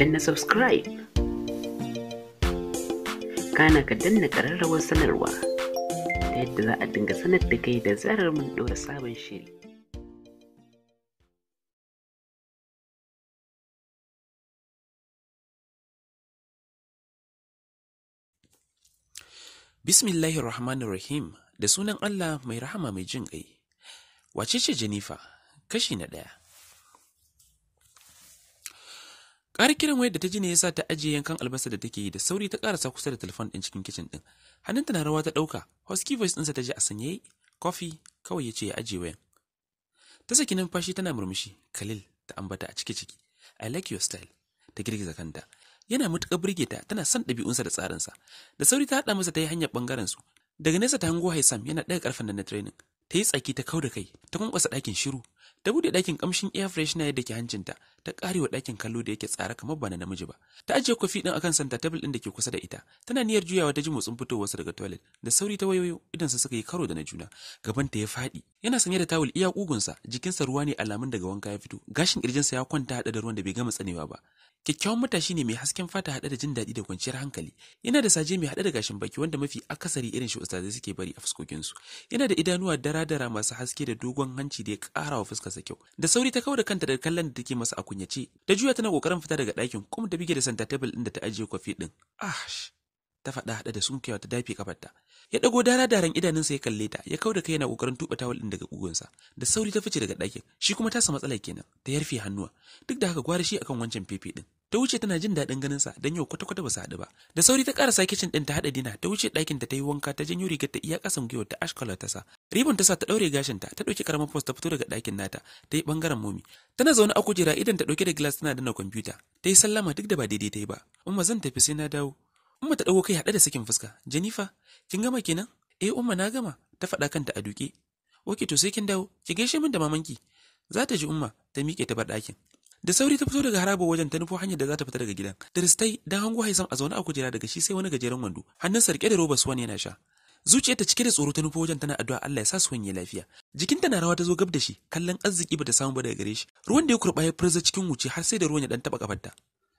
danna subscribe kana ka danna ƙararrawar sanarwa ta yadda za a dinga sanar da kai da zarar mun ɗora sabon shiri Bismillahir Rahmanir Rahim da sunan Allah mai rahama mai jin ƙai. Wace ce Jenifa? Kashi na ɗaya. Ƙari kiran wayar da ta ji ne yasa ta ajiye yankan albasa da take yi da sauri ta ƙarasa kusa da telefon ɗin cikin kicin ɗin. Hannunta na rawa ta ɗauka, husky voice ɗinsa ta ji a sanye, kofi kawai ya ce ya ajiye wayan. Ta saki numfashi tana murmushi, Khalil ta ambata a ciki-ciki. I like your style. Ta girgiza kanta. Yana matuƙar burge ta, tana son ɗabi'unsa da tsarinsa. Da sauri ta haɗa masa ta yi hanyar ɓangaren su. Daga nesa ta hango Haisam yana ɗaga ƙarfen da na training. Ta yi tsaki ta kau da kai, ta kwankwasa ɗakin shiru, ta bude ɗakin kamshin air freshener yadda ke hancinta ta karewa ɗakin kallo da yake tsara kamar ba na namiji ba ta ajiye kwafi din akan santa table din da ke kusa da ita tana niyyar juyawa ta ji motsin fitowarsa daga toilet da sauri ta wayoyo sa suka yi karo da na juna gaban ta ya faɗi yana sanye da tawul iya kugunsa jikinsa ruwa ne alamun daga wanka ya fito gashin ƙirjinsa ya kwanta haɗa da ruwan da bai gama tsanewa ba Kyakkyawan matashi ne mai hasken fata haɗe da jin daɗi da kwanciyar hankali. Yana da saje mai hade da gashin baki wanda mafi akasari irin shi ustazai suke bari a fuskokinsu. Yana da idanuwa dara-dara masu haske da dogon hanci da ya ƙara wa sa kyau. Da sauri ta kawo da kanta da kallon da take masa a kunyace. Da juya tana ƙoƙarin fita daga ɗakin kuma ta bige da santa table ɗin da ta ajiye kwafi ɗin. ah ta faɗa haɗa da sunkewa ta dafe kafarta ya ɗago dara daren sa ya kalle ta ya kau da kai yana ƙoƙarin tuɓa tawul ɗin daga ƙugunsa da sauri ta fice daga ɗakin shi kuma tasa matsala kenan ta yarfe hannuwa duk da haka gwara shi akan wancan fefe ɗin ta wuce tana jin daɗin ganinsa don yau kwata-kwata ba su haɗu ba da sauri ta ƙarasa kicin ɗin ta haɗa dina ta wuce ɗakin ta ta yi wanka ta janyo rigar ta iya ƙasan gwiwar ta ash color ta sa ribon ta sa ta ɗaure gashinta ta ɗauki ƙaramin post ta fito daga ɗakin nata ta yi ɓangaren momi tana zaune a kujera idan ta ɗauke da glass tana danna kwamfuta ta yi sallama duk da ba daidai ta yi ba umma zan tafi sai na dawo Umma ta dauko kai hada da sakin fuska. Jenifa, kin gama kenan? Eh Umma na gama, ta faɗa kanta a duke. Oke to sai kin dawo, ki gaishe min da mamanki. Za ta ji Umma ta miƙe ta bar Da sauri ta fito daga harabo wajen ta nufo hanyar da za ta fita daga gidan. Da ristai hango Haisam a zaune a kujera daga shi sai wani gajeren wando. hannun sarke da roba suwan yana sha. ta cike da tsoro ta nufo wajen tana addu'a Allah ya sa suwan ya lafiya. Jikinta na rawa ta zo gab da shi, kallon arziki bata samu ba daga gare shi. Ruwan da ya kurɓa ya furza cikin wuce har sai da ruwan ya dan taba kafarta.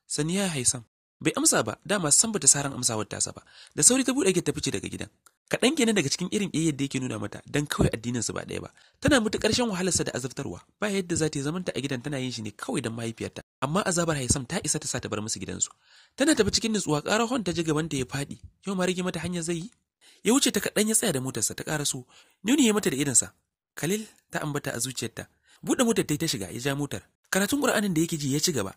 Sani ya Haisam, bai amsa ba dama san bata saran amsawar tasa ba da sauri ta buɗe ta fice daga gidan kaɗan kenan daga cikin irin ƙiyayyar da yake nuna mata don kawai addinin su ba ɗaya ba tana mutu ƙarshen wahalarsa da azabtarwa ba yadda za ta yi zamanta a gidan tana yin shi ne kawai don mahaifiyarta amma azabar haisam ta isa ta sa ta bar musu gidansu tana tafi cikin nutsuwa ƙara hon ta ji gaban ta ya faɗi yau ma rage mata hanyar zai yi ya wuce ta kaɗan ya tsaya da motarsa ta ƙara su nuni ya mata da idansa Khalil ta ambata a zuciyarta buɗe motar ta ta shiga ya ja motar karatun Qur'anin da yake ji ya ci gaba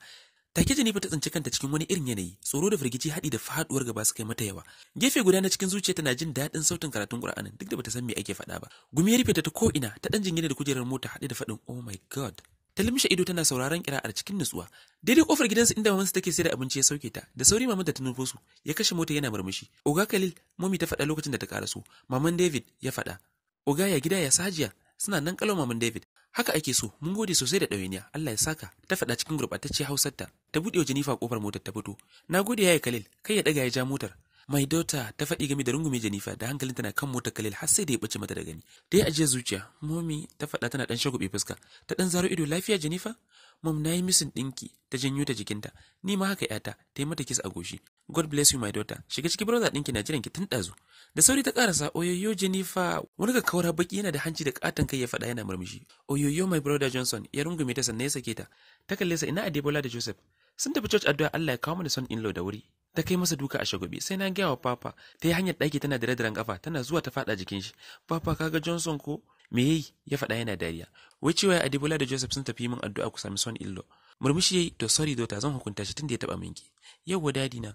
Take jini ta tsinci kanta cikin wani irin yanayi, tsoro da firgici haɗi da faɗuwar gaba suka yi mata yawa. Gefe guda na cikin zuciya tana jin daɗin sautin karatun Qur'anin duk da bata san me ake faɗa ba. Gumi ya rufe ta ta ko ina, ta ɗan jingina da kujerar mota haɗe da faɗin oh my god. ta limshe ido tana sauraron kira'ar cikin nutsuwa daidai kofar gidansu inda mamansu take sayar da abinci ya sauke ta da sauri maman da ta nufo su ya kashe mota yana murmushi oga khalil mami ta faɗa lokacin da ta karasu maman david ya faɗa oga ya gida ya sajiya suna nan kalau maman david haka ake so mun gode sosai da ɗawainiya Allah ya saka ta faɗa cikin gurɓatacce hausarta ta buɗe wa Jenifa kofar motar ta fito na gode yayi kalil kai ya ɗaga ya ja motar mai dauta ta faɗi game da rungume Jenifa da hankalin tana kan motar kalil har sai da ya ɓace mata da gani Da ya ajiye zuciya Momi ta faɗa tana dan shagube fuska ta ɗan zaro ido lafiya Jenifa mom na yi misin ɗinki ta janyo ta jikinta ni ma haka yata ta yi mata kis a goshi God bless you my daughter. Shiga ciki brother ɗinki na jiran ki tun ɗazu. Da sauri ta ƙarasa oyoyo Jennifer wani ga kaura baki yana da hanci da ƙaton kai ya faɗa yana murmushi. Oyoyo my brother Johnson ya rungume ta sannan ya sake ta. Ta kalle sa ina Adebola da Joseph. Sun tafi church addu'a Allah ya kawo mana son in-law da wuri. Ta kai masa duka a shagobi sai na gaya wa papa ta yi hanyar ɗaki tana da radaran kafa tana zuwa ta faɗa jikin shi. Papa kaga Johnson ko? Me yayi? Ya faɗa yana dariya. Wai cewa Adebola da Joseph sun tafi min addu'a ku sami son in-law. Murmushi yayi to sorry dota zan hukunta shi tun da ya taɓa minki. Yawwa dadi na.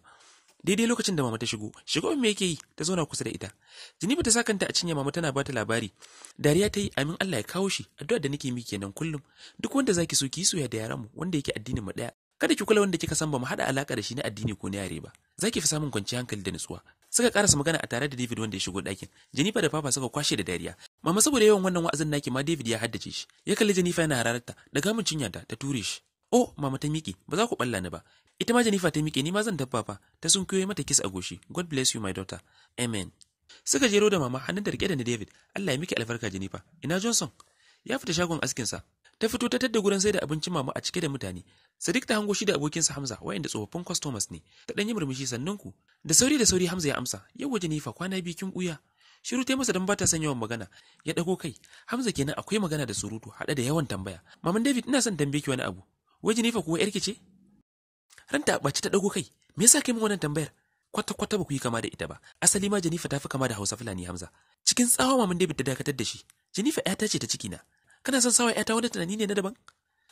daidai lokacin da mama ta shigo shigo me yake yi ta zauna kusa da ita jiniba ta sakanta a cinye mama tana bata labari dariya ta yi amin Allah ya kawo shi addu'a da nake miki kenan kullum duk wanda zaki so ki soya da yaran mu wanda yake addinin mu daya kada ki kula wanda kika san ba mu hada alaka da shi na addini ko na yare ba zaki fi samun kwanciyar hankali da nutsuwa suka karasa magana a tare da David wanda ya shigo ɗakin Jennifer da Papa suka kwashe da dariya mama saboda yawan wannan wa'azin naki ma David ya haddace shi ya kalli Jennifer yana hararta da gamun cinya ta ta ture shi oh mama ta miki ba za ku balla ni ba Ita ma Jennifer ta miƙe ni ma zan dabba ta sun kiyoyi mata kiss a goshi. God bless you my daughter. Amen. Suka jero da mama hannun da rike da ni, David. Allah ya miki albarka Jennifer. Ina Johnson? Ya fita shagon askin sa Ta fito ta tadda gurin sai da abincin mama a cike da mutane. Sadiq ta hango shi da abokinsa Hamza wayanda tsofaffin customers ne. Ta ɗan yi murmushi sannan ku. Da sauri da sauri Hamza ya amsa. Yawwa Jennifer kwana biyu kin buya. Shiru ta masa don ba ta son yawan magana. Ya dago kai. Hamza kenan akwai magana da surutu hada da yawan tambaya. Maman David ina son tambaye ki wani abu. Wai Jennifer kuwa yarki ce? Ranta a ɓace ta ɗago kai, me yasa kai min wannan tambayar? Kwata-kwata ba ku yi kama da ita ba, asali ma Janifa ta fi kama da Hausa Fulani Hamza. Cikin tsawa Maman David ta dakatar da shi, Janifa ya ce ta cikina. Kana son sawa ‘yata wani tunani ne na daban?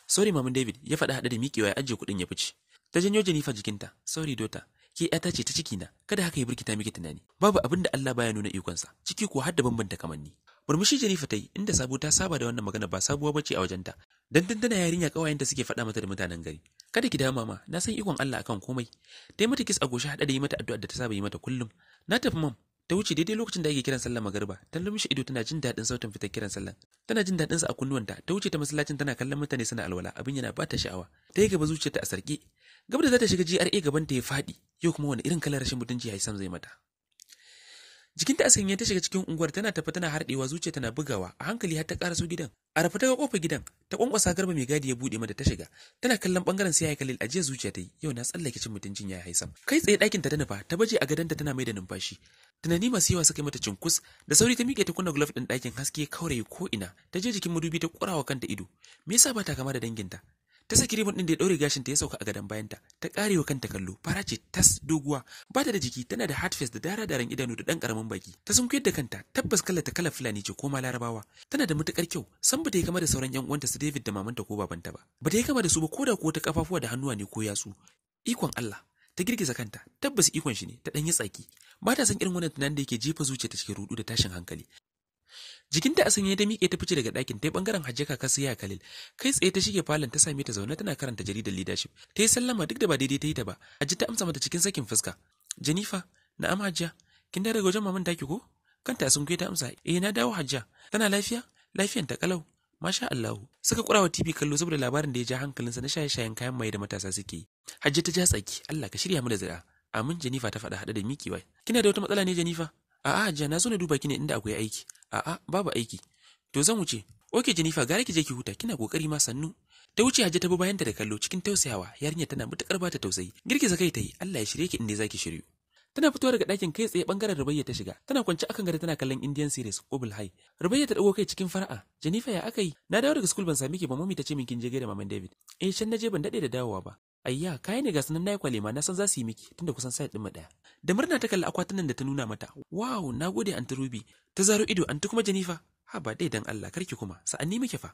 Sorry Maman David ya faɗa haɗe da miƙewa ya ajiye kuɗin ya fice. Ta janyo Janifa jikinta, sorry dota, ke ya ce ta ciki cikina, kada haka ya birkita miki tunani. Babu abin da Allah baya nuna ikonsa, ciki ko har da bambanta kamanni. Murmushi Janifa ta yi inda sabo ta saba da wannan magana ba sabuwa bace a wajenta. Dan tantana yarinya kawayenta suke faɗa mata da mutanen gari. kada ki dama ma na san ikon Allah akan komai dai mata kis a goshi hada da yi mata addu'a da ta saba yi mata kullum na tafi mam ta wuce daidai lokacin da ake kiran sallar magariba ta lumshi ido tana jin daɗin sautin fitar kiran sallar tana jin daɗin sa a kunnuwanta ta wuce ta masallacin tana kallon mutane suna alwala abin yana ba ta sha'awa ta yi gaba zuciyarta a sarki gaba da za ta shiga GRA gaban ta ya faɗi yau kuma wani irin kalar rashin mutunci sam zai mata jikinta a sanye ta shiga cikin unguwar tana tafi tana harɗewa zuciya tana bugawa a hankali har ta ƙaraso gidan a rafa ta ga kofar gidan ta kwankwasa garba mai gadi ya buɗe mata ta shiga tana kallon bangaren sai ya kalil ajiya zuciya ta yi yau na tsallake cin mutuncin ya haisam kai tsaye ɗakin ta nufa ta baje a gadanta tana mai da numfashi tunani masu yawa suka yi mata cinkus da sauri ta miƙe ta kunna glove ɗin ɗakin haske kauraye ko ina ta je jikin madubi ta ƙurawa kanta ido me yasa ba ta kama da danginta ta saki ribon din da ya ɗaure gashinta ya sauka a gadon bayanta ta karewa kanta kallo fara ce tas doguwa ba ta da jiki tana da hard face da dara daren idanu da dan karamin baki ta sunkuyar da kanta tabbas kalar ta kalar fulani ce ko ma larabawa tana da matuƙar kyau san ba ta yi kama da sauran 'yan uwanta su david da mamanta ko babanta ba ba ta yi kama da su ba ko da ko ta kafafuwa da hannuwa ne ko yatsu ikon allah ta girgiza kanta tabbas ikon shi ne ta ɗan yi tsaki ba ta san irin wannan tunanin da yake jefa zuciya ta cikin rudu da tashin hankali jikinta a sanye da miƙe ta fice daga ɗakin ta bangaren hajji kaka sai ya kalil kai tsaye ta shige falon ta same ta zaune tana karanta jaridar leadership ta yi sallama duk da ba daidai ta yi ta ba hajji ta amsa mata cikin sakin fuska jenifa na'am hajja kin dare daga wajen maman daki ko kanta sun kai ta amsa eh na dawo hajja tana lafiya lafiyan ta kalau masha Allahu suka kurawa TV kallo saboda labarin da ya ja hankalinsa na shaye-shayen kayan maye da matasa suke yi hajji ta ja tsaki Allah ka shirya mu da zira amin Jenifa ta faɗa haɗe da Miki kina da wata matsala ne Jenifa A'a Hajiya na zo na duba ki ne inda akwai aiki. A'a babu aiki. To zan wuce. Oke Jenifa gara ki je ki huta kina kokari ma sannu. Ta wuce Hajiya ta bi bayanta da kallo cikin tausayawa yarinya tana matukar bata tausayi. Girgiza kai ta yi Allah ya shirye ki inda zaki shiryu. Tana fitowa daga ɗakin kai tsaye bangaren Rubayya ta shiga. Tana kwance akan gado tana kallon Indian series Kobul High. Rubayya ta dago kai cikin fara'a. Jenifa ya aka yi? Na dawo daga school ban sami ki ba mami ta ce min kin je gaida Maman David. Eh shan naje ban dade da dawowa ba. Ayya, kai ne ga sanan nayi ma na san za su yi miki tunda kusan sai din daya. Da murna ta kalli akwatunan da ta nuna mata. Wow, nagode anti Ruby. Ta zaro ido anti kuma Jenifa. Ha ba dai dan Allah karki kuma, sa'anni miki fa.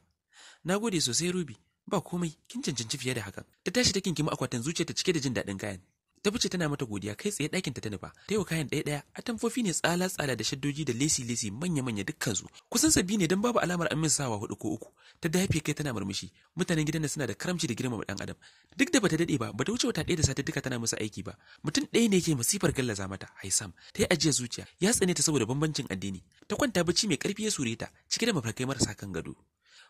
Nagode sosai Ruby. Ba komai, kin cancanci fiye da hakan. Ta tashi ta kinkima akwatin zuciya ta cike da jin daɗin kayan. ta fice tana mata godiya kai tsaye ɗakinta ta nufa ta yi kayan ɗaya ɗaya atamfofi ne tsala tsala da shaddoji da lesi lesi manya manya dukkansu kusan sabi ne don babu alamar amin sawa hudu ko uku ta dafe kai tana murmushi mutanen gidan suna da karamci da girmama ɗan adam duk da bata daɗe ba bata wuce wata ɗaya da sati duka tana musu aiki ba mutum ɗaya ne ke masifar gallaza mata haisam ta yi ajiye zuciya ya tsane ta saboda bambancin addini ta kwanta bacci mai ƙarfi ya sure ta cike da mafarkai marasa kan gado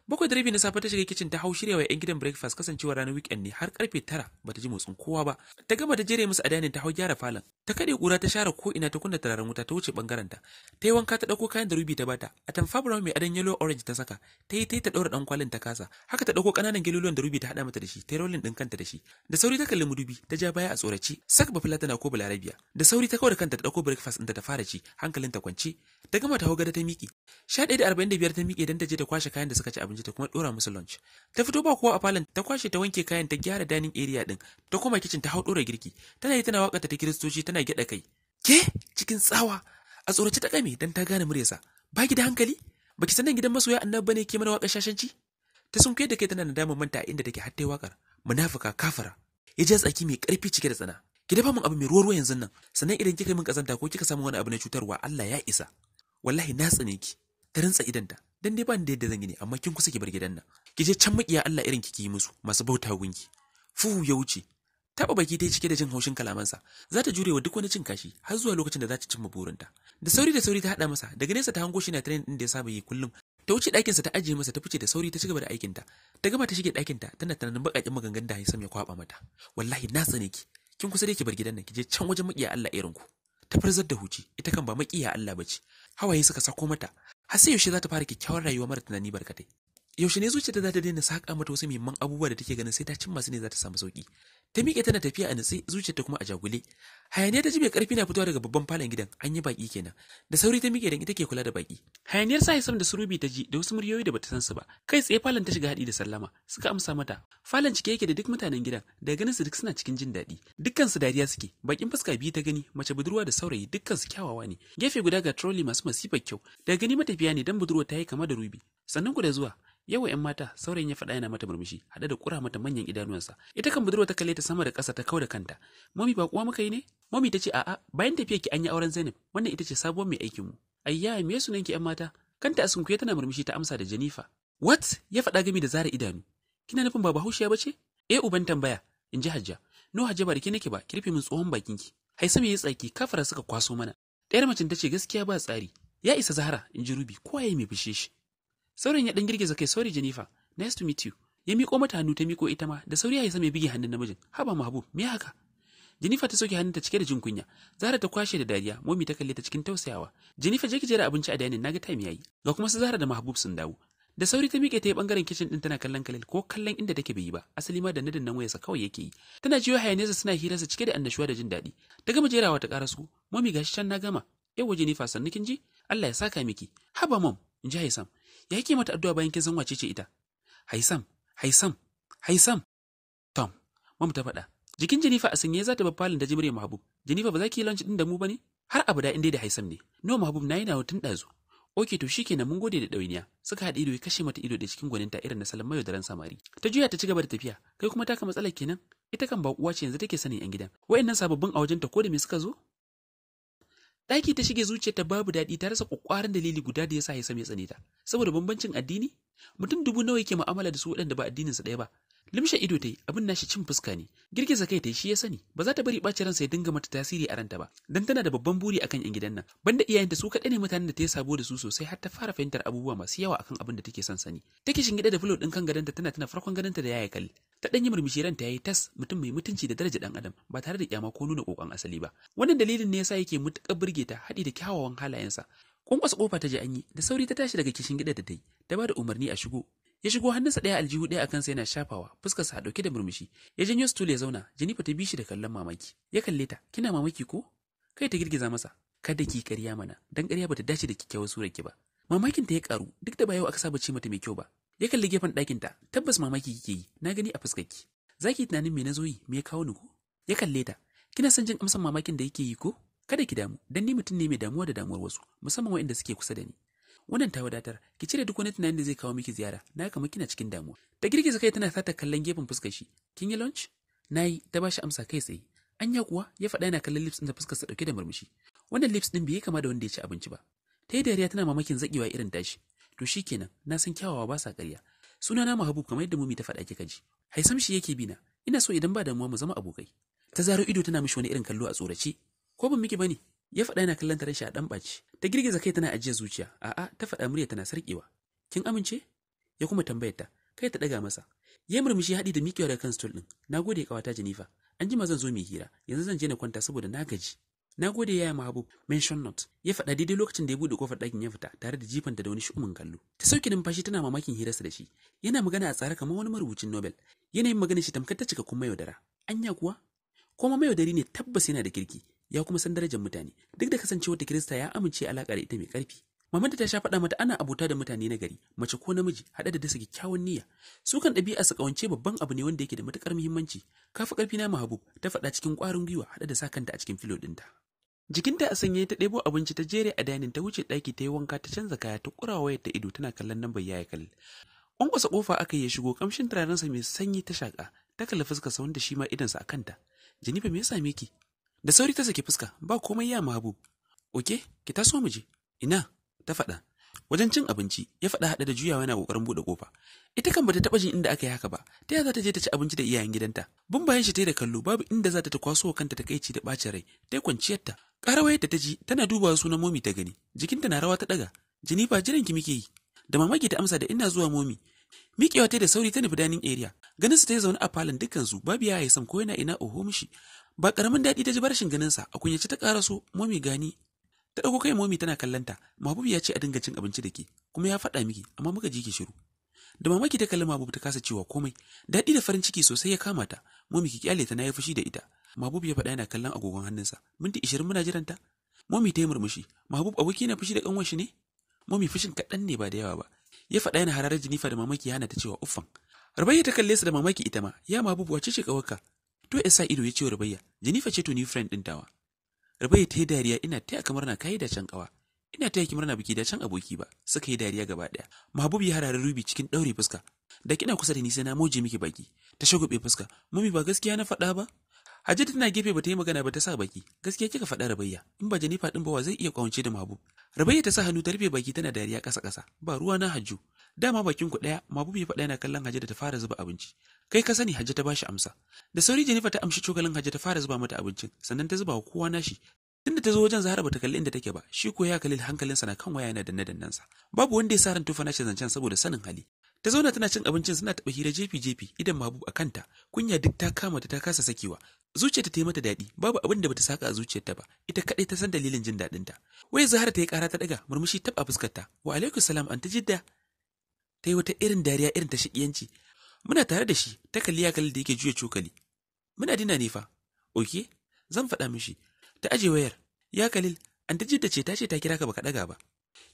Bakwai da rabi na safe ta shiga kicin ta hau shirya wa 'yan gidan breakfast kasancewa ranar weekend ne har karfe tara bata ji motsin kowa ba. Ta gama ta jere musu a dining ta hau gyara falon. Ta kaɗe kura ta share ko ina ta kunna turaren wuta ta wuce bangaren ta. Ta yi wanka ta ɗauko kayan da rubi ta bata. A tamfa brown mai adon yellow orange ta saka. Ta yi ta yi ta ɗaura ɗan kwalin ta kasa. Haka ta ɗauko ƙananan geluluwan da rubi ta haɗa mata da shi. Ta yi rolling ɗin kanta da shi. Da sauri ta kalli mudubi ta ja baya a tsorace. Sak ba tana ko balarabiya. Da sauri ta kawar kanta ta ɗauko breakfast ɗinta ta fara ci ta kwance. Ta gama ta hau gada ta miƙe. Sha ɗaya da arba'in da biyar ta miƙe don ta je ta kwashe kayan da suka ci abinci. abinci ta kuma dora musu lunch ta fito ba kowa a falon ta kwashe ta wanke kayan ta gyara dining area din ta koma kitchen ta hau dora girki tana yi tana waka ta kiristoci tana gyada kai ke cikin tsawa a tsorace ta kame dan ta gane muryarsa ba gida hankali baki sanin gidan masoya annabi bane ke mana waka shashanci ta sun kai da kai tana nadama manta a inda take har wakar munafuka kafara ya ji tsaki mai karfi cike da tsana ki dafa min abu mai ruwa ruwa yanzu nan sannan idan kika min kazanta ko kika samu wani abu na cutarwa Allah ya isa wallahi na tsane ki ta rantsa idanta dan dai ba ni da yadda zan yi ne amma kin kusa ki bar gidan nan ki je can makiya Allah irin kike yi musu masu bauta gunki fuhu ya wuce taba baki ta cike da jin haushin kalamansa za ta jurewa duk wani cin kashi har zuwa lokacin da za ta cimma burinta da sauri da sauri ta hada masa daga nesa ta hango shi na tare din da ya saba yi kullum ta wuce ɗakinsa ta ajiye masa ta fice da sauri ta cigaba da aikinta ta gama ta shige ɗakinta tana tunanin baƙaƙen maganganun da ya sami kwaba mata wallahi na tsane ki kin kusa dai ki bar gidan nan ki je can wajen makiya Allah irin ku ta farzar da huci ita kan ba makiya Allah bace hawaye suka sako mata har sai yaushe za ta fara kyakkyawar rayuwa mara tunani barkatai yaushe ne zuciyarta za ta daina saƙa mata wasu mimman abubuwa da take ganin sai ta cimma su ne za ta samu sauki ta miƙe tana tafiya a nutse zuciyarta kuma a jagule hayaniya ta ji mai ƙarfi na fitowa daga babban falon gidan an yi baƙi kenan da sauri ta miƙe don ita ke kula da baƙi hayaniyar sa sam da surubi ta ji da wasu muryoyi da bata san su ba kai tsaye falon ta shiga haɗi da sallama suka amsa mata falon cike yake da duk mutanen gidan da ganin su duk suna cikin jin daɗi dukkan su dariya suke bakin fuska biyu ta gani mace budurwa da saurayi dukkan su kyawawa ne gefe guda ga trolley masu masifar kyau daga gani matafiya ne dan budurwa ta yi kama da rubi sannan ku da zuwa yawa yan mata saurayin ya faɗa yana mata murmushi haɗe da ƙura mata manyan idanuwansa ita kan budurwa ta kalle ta sama da ƙasa ta kau da kanta mami ba kuwa muka yi ne mami ta ce a'a bayan tafiya ki an auren Zainab wannan ita ce sabuwar mai aikin mu ayya me sunan ki yan mata kanta a sunkuye tana murmushi ta amsa da Janifa what ya faɗa gami da zara idanu kina nufin ba ce? bace eh uban tambaya in ji Hajja no Hajja ba da ki nake ba Kirfi min tsohon bakin ki Hai me ya tsaki kafara suka kwaso mana ɗayar macin ta ce gaskiya ba tsari ya isa Zahra in ji Rubi kowa ya mai bishe shi saurayin ya dan girgiza kai sorry Jennifer, nice to meet you. Ya miko mata hannu ta miko ita ma da sauri ya yi ya bige hannun namijin. Haba Mahbub, me haka? Jennifer ta soke hannunta cike da jin kunya. Zara ta kwashe da dariya, Momi ta kalle ta cikin tausayawa. Jennifer je ki jera abinci a dainin naga time yayi. Ga kuma su Zara da Mahbub sun dawo. Da sauri ta miƙe ta yi bangaren kicin din tana kallon kalil ko kallon inda take bai yi ba. Asali ma da nadin nan wayarsa kawai yake yi. Tana jiyo hayanesa suna hirarsa cike da annashuwa da jin daɗi. Ta gama jerawa ta ƙara su. Momi gashi can na gama. Yawwa Jennifer sannu kin ji? Allah ya saka miki. Haba mom, in ji haisam ya yake mata addu'a bayan kin san wace ce ita haisam haisam haisam tom mamta ta faɗa jikin jenifa a sanye za ta babbalin da jimre Mahbub, jenifa ba za ki yi lunch din da mu ba ne har abu da inda da haisam ne no Mahbub na yi na tun ɗazu Oke to shikenan mun gode da ɗawainiya. Suka haɗa ido ya kashe mata ido da cikin gwaninta irin na salon mayo da ran samari. Ta juya ta ci gaba da tafiya. Kai kuma taka matsalar kenan. Ita kan ba uwa ce yanzu take sanin yan gidan. Wayannan sababbin a wajenta ko da me suka zo? Ɗaki ta shige ta babu daɗi ta rasa ƙwaƙwaran dalili guda da ya sa ya same tsane ta. Saboda bambancin addini, mutum dubu nawa yake mu'amala da su waɗanda ba addininsa ɗaya ba. Limshe ido ta yi abin nashi cin fuska ne. Girgiza kai ta yi shi ya sani, ba za ta bari ɓacin ransa ya dinga mata tasiri a ranta ba, dan tana da babban buri akan 'yan gidan nan. Banda iyayenta su kaɗai ne mutanen da ta yi sabo da su sosai har ta fara fahimtar abubuwa masu yawa akan abin da take son sani. Take gida da fulo ɗin kan gadonta tana tana farkon gadonta da yaya kal. ta ɗanyi murmushi ranta yi tas mutum mai mutunci da daraja ɗan adam ba tare da kyama ko nuna kokon asali ba wannan dalilin ne yasa yake mutuƙar burge ta haɗi da kyawawan halayensa kwankwasa kofa ta ji an yi da sauri ta tashi daga kishin gida da ta yi ta ba da umarni a shigo ya shigo hannunsa ɗaya aljihu ɗaya a kansa yana shafawa fuskar sa ɗauke da murmushi ya janyo stool ya zauna Jennifer ta bi shi da kallon mamaki ya kalle ta kina mamaki ko kai ta girgiza masa kada ki karya mana dan karya bata dace da kyakkyawar surar ki ba mamakin ta ya karu duk da ba yau aka saba ce mata mai kyau ba ya kalli gefen ɗakinta tabbas mamaki kike yi na gani a fuskarki za ki tunanin me na zo yi me ya kawo ni ko ya kalle ta kina son jin amsan mamakin da yake yi ko kada ki damu dan ni mutum ne mai damuwa da damuwar wasu musamman waɗanda suke kusa da ni wannan ta wadatar ki cire duk wani tunanin da zai kawo miki ziyara na kamar kina cikin damuwa ta girgiza kai tana sata kallon gefen fuskar shi kin yi lunch nayi ta bashi amsa kai tsaye anya kuwa ya faɗa yana kallon lips ɗin da fuskar sa dauke da murmushi wannan lips ɗin bai kama da wanda ya ci abinci ba ta yi dariya tana mamakin zaƙewa irin tashi to shikenan na san kyawawa ba sa karya. suna na mahabu kamar yadda mumi ta faɗa kika ji haisam shi yake bina ina so idan ba damuwa mu zama abokai ta zaro ido tana mishi wani irin kallo a tsorace ko ban miki bane ya faɗa yana kallon tarin a dan baci ta girgiza kai tana ajiye zuciya a'a ta faɗa murya tana sarkewa kin amince ya kuma tambayar ta kai ta ɗaga masa ya murmushi haɗi da mikewa daga kan stool din gode kawata jenifa an jima zan zo mai hira yanzu zan je na kwanta saboda na gaji Na gode yaya Mahabu, mention not. Ya faɗa daidai lokacin da ya buɗe kofar ɗakin ya fita tare da jifanta da wani shi'umin kallo. Ta sauke numfashi tana mamakin hirarsa da shi. Yana magana a tsare kamar wani marubucin Nobel. Yanayin magana shi tamkar ta cika kuma yaudara. Anya kuwa? Kuma mayaudari ne tabbas yana da kirki, ya kuma san darajar mutane. Duk da kasancewar da Kirista ya amince alaƙa da ita mai ƙarfi. Mamanta ta sha faɗa mata ana abota da mutane na gari, mace ko namiji, haɗa da dasa kyakkyawan niyya. su Sukan ɗabi'a su ƙawance babban abu ne wanda yake da matuƙar muhimmanci. Kafa ƙarfi na Mahabub ta faɗa cikin ƙwarin gwiwa haɗe da sa kanta a cikin filo ɗinta. Jikinta a sanye ta ɗebo abinci ta jere a dainin ta wuce ɗaki ta yi wanka ta canza kaya ta ƙura wayar ta ido tana kallon nan bai yaya kalli. Ƙwanƙwasa ƙofa aka yi shigo kamshin turarensa mai sanyi ta shaƙa ta kalli fuskarsa wanda shi ma idonsa a kanta. Janifa me ya same ki? Da sauri ta saki fuska ba komai ya mahabu. Oke, ki taso mu je. Ina? Ta faɗa. wajen cin abinci ya faɗa haɗa da juyawa yana ƙoƙarin buɗe ƙofa ita kan bata taɓa jin inda aka yi haka ba ta yaya za ta je ta ci abinci da iyayen gidanta bin bayan shi ta da kallo babu inda za ta ta kwaso kanta ta ci da ɓacin rai ta kwanciyarta Ƙarawar yadda ta ji tana dubawa sunan momi ta gani, jikinta na rawa ta ɗaga, jini ba jiran ki muke yi. Da mamaki ta amsa da ina zuwa momi. Miƙewa ta da sauri ta nufi dining area, ganin su ta yi zaune a falon su babu ya sam ko yana ina oho mishi. Ba ƙaramin daɗi ta ji barshin ganinsa a kunyace ta ƙara so momi gani. Ta ɗauko kai momi tana kallanta, Mahbub ya ce a dinga cin abinci da ke, kuma ya faɗa miki, amma muka ji ki shiru. da mamaki ta kalli mabubu ta kasa cewa komai daɗi da farin ciki sosai ya kama ta momi ki kyale ta na yi fushi da ita Mahbub ya faɗa yana kallon agogon hannunsa. Minti ishirin muna jiran ta Mami ta yi murmushi. Mahbub aboki na fushi da ƙanwar shi ne? Mami fushin kaɗan ne ba da yawa ba. Ya faɗa yana hararar Jinifa da mamaki hana ta cewa uffan. Rubayya ta kalle su da mamaki ita ma. Ya Mahbub wace ce ƙawarka? To ya sa ido ya ce Rubayya. Jinifa ce to ni friend ɗin tawa. Rubayya ta yi dariya ina taya kamar na kayi da can ƙawa. ina taya kimar na biki da can aboki ba suka yi dariya gaba ɗaya. mahbub ya harara rubi cikin daure fuska da kina kusa da ni sai na moje miki baki ta shagube fuska mami ba gaskiya na faɗa ba Hajji tana gefe bata yi magana ba ta sa baki. Gaskiya kika faɗa Rabayya, in ba Janifa din ba zai iya kwance da Mabu. Rabayya ta sa hannu ta rufe baki tana dariya ƙasa ƙasa. Ba ruwa na Hajju. Dama bakin ku ɗaya, Mabu bai faɗa yana kallon Hajji da ta fara zuba abinci. Kai ka sani Hajji ta bashi amsa. Da sauri Janifa ta amshi cokalin Hajji ta fara zuba mata abincin, sannan ta zuba wa kowa nashi. Tunda ta zo wajen Zahra bata kalli inda take ba, shi ko ya kalli hankalinsa na kan waya yana danne sa. Babu wanda ya sa ran tufa nashi zancen saboda sanin hali. ta zauna tana cin abincin suna taɓa hira jefi-jefi idan mabu a kanta kunya duk ta kama ta kasa sakewa zuciyarta ta yi mata daɗi babu abin da bata saka a zuciyarta ba ita kaɗai ta san dalilin jin daɗinta wai zahara ta yi ƙara ta ɗaga murmushi tab a fuskarta wa alaikum salam an ta jidda ta yi wata irin dariya irin ta shiƙiyanci muna tare da shi ta kalli yakalin da yake juya cokali muna dina nefa fa oke zan faɗa mishi ta aje wayar ya kalil an ta jidda ce ta ce ta kira ka baka ɗaga ba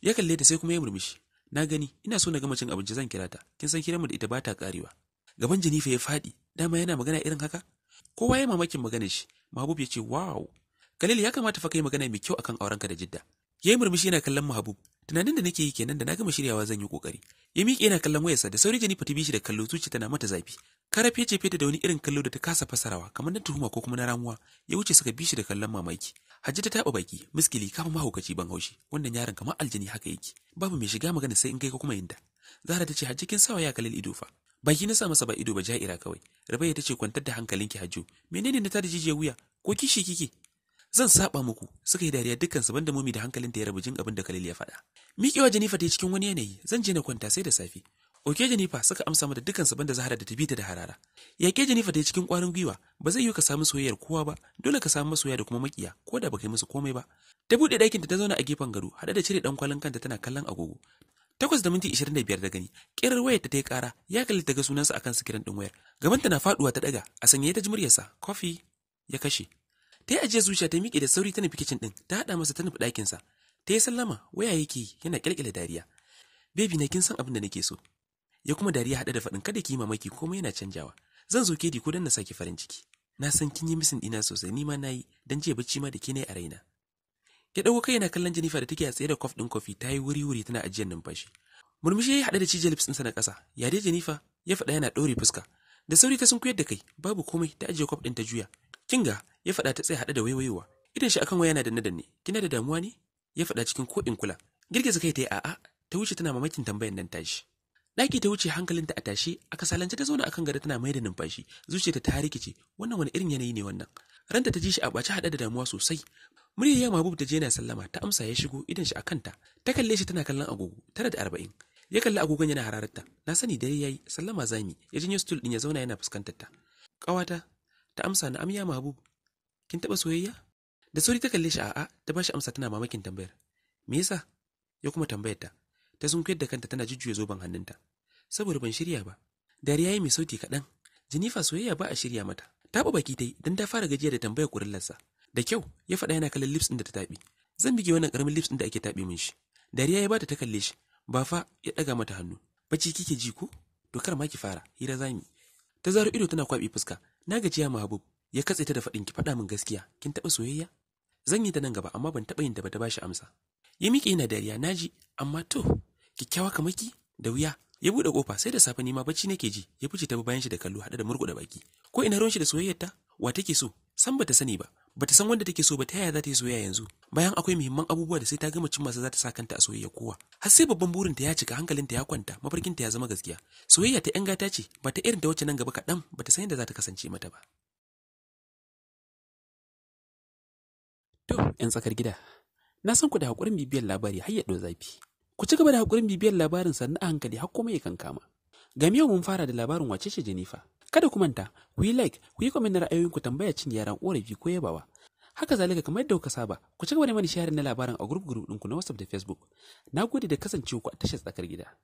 ya kalle ta sai kuma ya murmushi na gani ina so na gama cin abinci zan kira ta kin san kiranmu da ita ba ta ƙarewa gaban janifa ya faɗi dama yana magana irin haka kowa ya mamakin maganar shi mahabub ya ce wow kalil ya kamata fa kai magana mai kyau akan aurenka da jidda yayi murmushi yana kallon mahabub tunanin da nake yi kenan da na gama shiryawa zan yi kokari ya miƙe yana kallon wayarsa da sauri jini fatibi shi da kallo zuci tana mata zafi kara ce feta da wani irin kallo da ta kasa fasarawa kamar na tuhuma ko kuma na ramuwa ya wuce suka shi da kallon mamaki hajji ta taɓa baki miskili kama mahaukaci ban haushi wannan yaron kamar aljini haka yake babu mai shiga magana sai in kai ko kuma yinda zara ta ce hajji kin sawa ya kalil ido fa baki na sa masa ba ido ba ja'ira kawai Rabaiya ta ce kwantar da hankalinki hajo. Menene na tada jijiyar wuya? Ko kishi kike? Zan saba muku. Suka yi dariya dukkan su banda momi da hankalin ta ya rabu jin abin da Khalil ya faɗa. Miƙewa Janifa ta cikin wani yanayi. Zan je na kwanta sai da safe. Oke Janifa suka amsa mata dukkan su banda Zahara da ta bita da Harara. Yake Janifa ta cikin ƙwarin gwiwa. Ba zai yiwu ka samu soyayyar kowa ba. Dole ka samu masoya da kuma makiya ko da baka yi musu komai ba. Ta buɗe ɗakinta ta zauna a gefen gado haɗa da cire ɗan kwalin kanta tana kallon agogo. Takwas da minti ishirin da biyar da gani, kirar wayar ta ta yi ƙara, ya kalli ta ga sunansa akan sikirin ɗin wayar. Gabanta na faɗuwa ta ɗaga, a sanye ta ji muryarsa, kofi ya kashe. Ta yi ajiyar zuciya ta miƙe da sauri ta nufi kicin din ta haɗa masa ta nufi ɗakinsa. Ta yi sallama, waya yake yana ƙyalƙyala dariya. Bebi na kin san abin da nake so. Ya kuma dariya haɗa da faɗin kada ki yi mamaki komai yana canjawa. Zan zo kedi ko don na sake farin ciki. Na san kin yi misin ɗina sosai, ni ma na yi, don jiya bacci ma da ke na yi a raina. ya ɗauko kai yana kallon Jennifer da take a tsaye da kof ɗin kofi ta yi wuri-wuri tana ajiyar numfashi. Murmushi ya haɗe da cijiyar lips ɗinsa na ƙasa. Ya dai Jennifer ya faɗa yana ɗaure fuska. Da sauri ta sunkuyar da kai, babu komai ta ajiye kwaf ɗin ta juya. Kinga ya faɗa ta tsaye haɗe da waiwayowa. Idan shi akan waya yana danne danne. Kina da damuwa ne? Ya faɗa cikin ko in kula. Girgiza kai ta yi a'a, ta wuce tana mamakin tambayan nan tashi. Ɗaki ta wuce hankalinta a tashe, a salance ta zauna akan gado tana mai da numfashi, zuciyarta ta rikice, wannan wani irin yanayi ne wannan? Ranta ta ji shi a ɓace haɗe da damuwa sosai. Muryar ya mabub da je sallama ta amsa ya shigo idan shi a kanta. Ta kalle shi tana kallon agogo tara da arba'in. Ya kalli agogon yana hararta. Na sani dare yi, sallama zami ya janyo stool din ya zauna yana fuskantar ta. Ƙawata ta amsa na amya mabub. Kin taɓa soyayya? Da sauri ta kalle shi a'a ta shi amsa tana mamakin tambayar. Me yasa? Ya kuma tambayar ta. Ta sunkuyar da kanta tana jujjuya zoben hannunta. Saboda ban shirya ba. Dariya ya mai sauti kaɗan. Jinifa soyayya ba a shirya mata. Taɓa baki ta yi don ta fara gajiya da tambayar kurillarsa. Da kyau ya faɗa yana kallon lips ɗin da ta taɓi. Zan bige wannan ƙaramin lips ɗin da ake taɓi min shi. Dariya ya bata ta kalle shi. Ba fa ya ɗaga mata hannu. Bacci kike ji ko? To kar ma ki fara, hira zami. Ta zaro ido tana kwaɓe fuska. Na gajiya ma Habu. Ya katse ta da faɗin ki faɗa min gaskiya. Kin taɓa soyayya? Zan yi ta nan gaba amma ban taɓa yin da bata bashi amsa. Ya miƙe yana dariya na ji. amma to kyakkyawa kamar ki da wuya ya buɗe kofa sai da safe nima bacci nake ji ya fice ta bayan shi da kallo haɗe da murgu da baki ko ina ruwan shi da soyayyarta wa take so san bata sani ba bata san wanda take so ba ta yaya za ta yi soyayya yanzu bayan akwai muhimman abubuwa da sai ta gama cin masa za ta sa kanta a soyayya kowa har sai babban burinta ya cika hankalinta ya kwanta mafarkinta ya zama gaskiya soyayya ta yan gata ce ba ta irin ta wacce nan gaba kaɗan ba ta san yadda za ta kasance mata ba. To, ‘yan tsakar gida, na san ku da haƙurin bibiyar labari har ya zafi. Ku ci gaba da haƙurin bibiyar labarin sannan a hankali har kuma ya kankama. Game yau mun fara da labarin wace ce Jenifa. Kada ku manta, ku yi like, ku yi comment na ra'ayoyinku tambaya cin yaran ƙorafi ko yabawa. Haka zalika kamar yadda kuka saba, ku ci gaba da mani shahararren na labarin a group group ɗinku na WhatsApp da Facebook. Na gode da kasancewa ku a tashar tsakar gida.